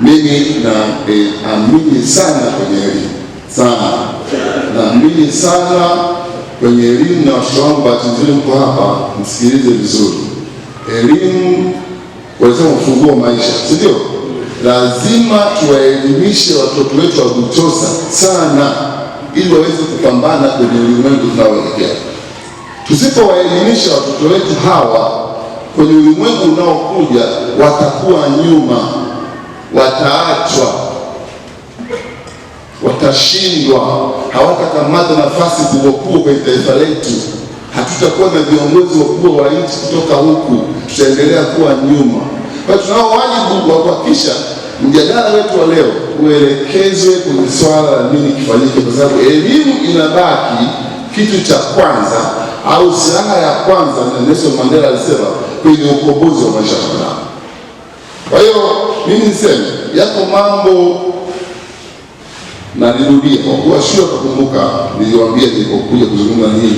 Mimi naamini e, sana kwenye elimu sana, naamini sana kwenye elimu na watoto wangu. Bahati nzuri mko hapa, msikilize vizuri. Elimu wanasema ufunguo maisha, si ndio? Lazima tuwaelimishe watoto wetu wa sana, ili waweze kupambana kwenye ulimwengu tunaoelekea. Tusipowaelimisha watoto wetu hawa kwenye ulimwengu unaokuja, watakuwa nyuma wataachwa, watashindwa, hawatakamata nafasi kubwa kubwa kwenye taifa letu. Hatutakuwa na viongozi wakubwa wa nchi kutoka huku, tutaendelea kuwa nyuma. Kwa hiyo tunao wajibu wa kuhakikisha mjadala wetu wa leo uelekezwe kwenye swala la nini kifanyike, kwa sababu elimu inabaki kitu cha kwanza au silaha ya kwanza, na Nelson Mandela alisema kwenye ukombozi wa maisha mwanao kwa hiyo mimi niseme yako mambo nirudie, kwa kuwa sio kukumbuka, niliwaambia nilipokuja kuzungumza hii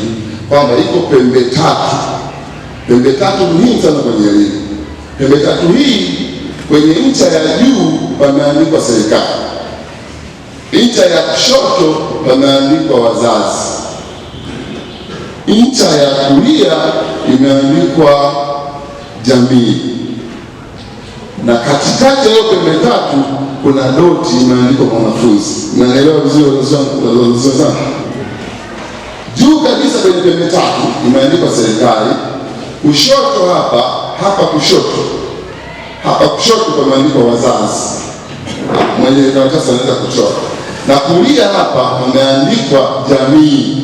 kwamba iko pembe tatu, pembe tatu muhimu sana kwenye elimu. Pembe tatu hii kwenye ncha ya juu pameandikwa serikali, ncha ya kushoto pameandikwa wazazi, ncha ya kulia imeandikwa jamii na katikati ya yote tatu kuna doti imeandikwa mwanafunzi. Naelewa vizuri sana. Juu kabisa kwenye pembe tatu imeandikwa serikali, kushoto hapa hapa kushoto hapa kushoto pameandikwa wazazi, mwenye karatasi anaweza kuchora, na kulia hapa pameandikwa jamii,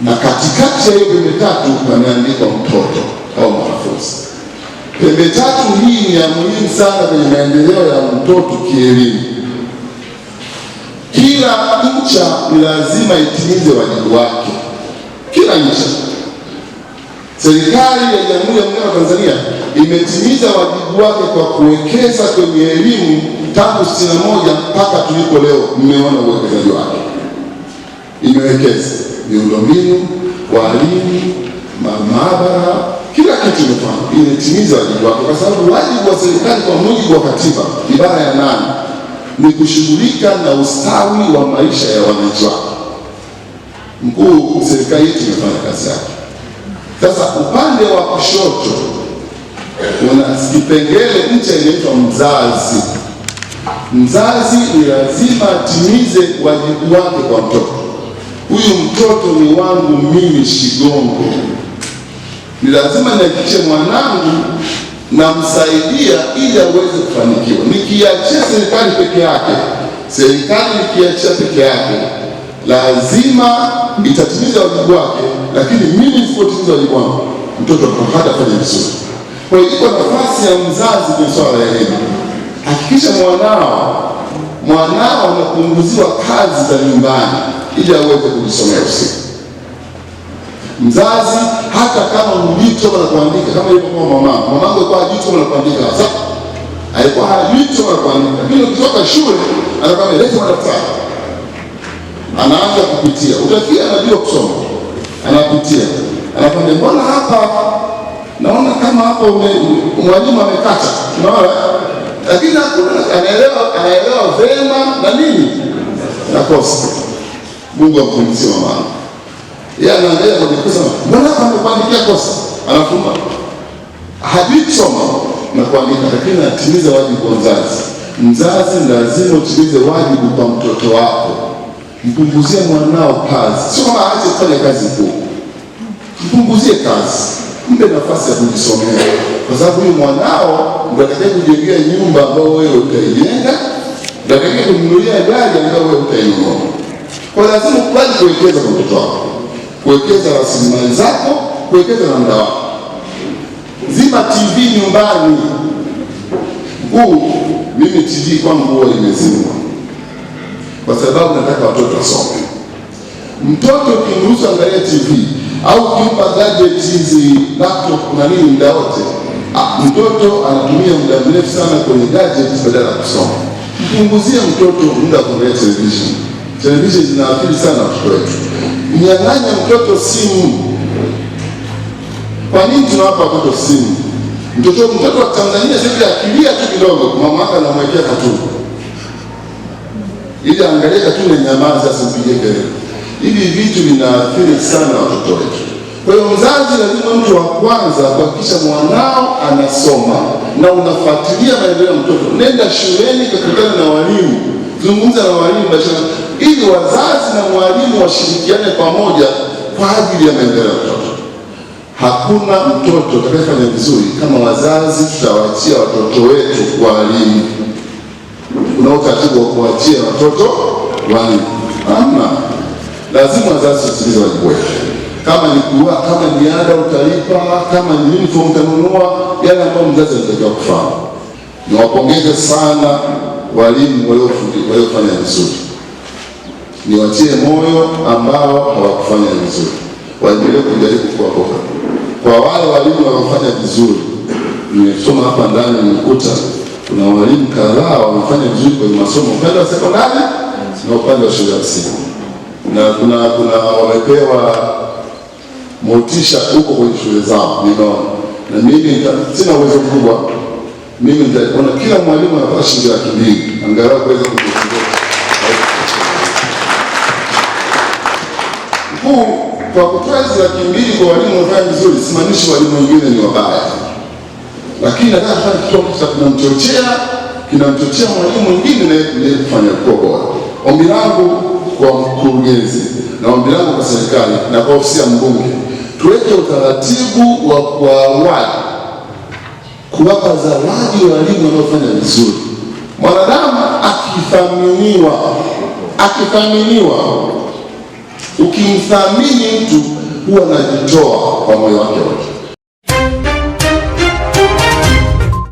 na katikati ya hiyo pembe tatu pameandikwa mtoto au mwanafunzi. Pembe tatu hii ni ya muhimu sana kwenye maendeleo ya mtoto kielimu. Kila ncha ni lazima itimize wajibu wake, kila ncha. Serikali ya Jamhuri ya Muungano wa Tanzania imetimiza wajibu wake kwa kuwekeza kwenye elimu tangu sitini na moja mpaka tuliko leo. Mmeona uwekezaji wake, imewekeza miundombinu, walimu, maabara serikali inatimiza wajibu wake, kwa sababu wajibu wa serikali kwa mujibu wa katiba ibara ya nane ni kushughulika na ustawi wa maisha ya wananchi wake. Mkuu, serikali yetu imefanya kazi yake. Sasa upande wa kushoto kuna kipengele ncha inaitwa mzazi. Mzazi ni lazima atimize wajibu wake kwa mtoto. Huyu mtoto ni wangu mimi Shigongo ni lazima niakikishe mwanangu namsaidia ili aweze kufanikiwa. Nikiachia serikali peke yake, serikali nikiachia peke yake, lazima itatimiza wajibu wake, lakini mimi sipotimiza wajibu wangu, mtoto hatafanya vizuri. Kwa hiyo iko nafasi ya mzazi kwenye swala la elimu. Hakikisha mwanao mwanao anapunguziwa kazi za nyumbani ili aweze kujisomea usiku Mzazi hata kama ulichoma na kuandika kama ilivyokuwa mama mamangu alikuwa hajui choma na kuandika, sasa alikuwa hajui choma na kuandika, lakini ukitoka shule anakuwa leta madaftari, anaanza kupitia, utafikia anajua kusoma, anapitia, anakwambia mbona hapa naona kama hapa mwalimu amekata, unaona, lakini anaelewa, anaelewa vema na nini nakosa. Mungu amkumzie yeye anaangalia kwenye kosa, mbona hapa amekuandikia kosa, anafunga hajisoma na kuandika, lakini anatimiza wajibu kwa mzazi. Mzazi lazima utimize wajibu kwa mtoto wako, mpunguzie mwanao kazi, sio kama aache kufanya kazi kubwa, mpunguzie kazi, mpe nafasi ya kujisomea, kwa sababu huyu mwanao ndiye atakayekujengea nyumba ambayo wewe utaijenga, ndiye atakayekununulia gari ambayo wewe utainunua. Kwa lazima ukubali kuwekeza kwa mtoto wako kuwekeza rasilimali zako, kuwekeza na muda wako. Zima TV nyumbani. Huu mimi TV kwangu huwa imezimwa kwa sababu nataka watoto wasome. Mtoto ukimruhusu angalia TV au ukimpa gadget hizi laptop na nini muda wote, ah, mtoto anatumia muda mrefu sana kwenye gadget badala ya kusoma. Mpunguzie mtoto muda kuangalia television. Television zinaathiri sana watoto wetu nyanganya mtoto simu. Kwa nini tunawapa watoto simu? Mtoto mtoto wa Tanzania sasa akilia tu kidogo, mama yake anamwekea katuni ili angalie katuni na nyamaza, asipige kelele. Hivi vitu vinaathiri sana watoto wetu. Kwa hiyo mzazi lazima mtu wa kwanza kuhakikisha mwanao anasoma na unafuatilia maendeleo ya mtoto. Nenda shuleni, kakutana na walimu, zungumza na walimu bashara ili wazazi na mwalimu washirikiane pamoja kwa ajili ya maendeleo ya mtoto. Hakuna mtoto atakayefanya vizuri kama wazazi tutawaachia watoto wetu walimu. Kuna utaratibu wa kuachia watoto walimu, hamna. Lazima wazazi tutimize wajibu wetu, kama ni kuwa, kama ni ada utalipa, kama ni uniform utanunua, yale ambayo mzazi anatakiwa kufahamu. Niwapongeze sana walimu waliofanya vizuri niwachie moyo ambao hawakufanya vizuri, waendelee kujaribu kuwa bora. Kwa wale walimu wanaofanya vizuri, nimesoma hapa ndani, nimekuta kuna walimu kadhaa wamefanya vizuri kwenye masomo upande wa sekondari na upande wa shule ya msingi, na kuna kuna wamepewa motisha huko kwenye shule zao. nimeona na mimi sina uwezo mkubwa, mimi nitaona kila mwalimu anapata shilingi laki mbili angalau kuweza huu kwa kutoa laki mbili kwa walimu wanaofanya vizuri, simaanishi walimu wengine ni wabaya, lakini nataka kufanya kitu ambacho kinamchochea kinamchochea mwalimu mwingine naye kufanya kuwa bora. Ombi langu kwa mkurugenzi na ombi langu kwa serikali na kwa ofisi ya mbunge, tuweke utaratibu wa kwa kuwapa zawadi walimu wanaofanya vizuri. Mwanadamu akithaminiwa akithaminiwa Ukimthamini mtu huwa anajitoa kwa moyo wake wote.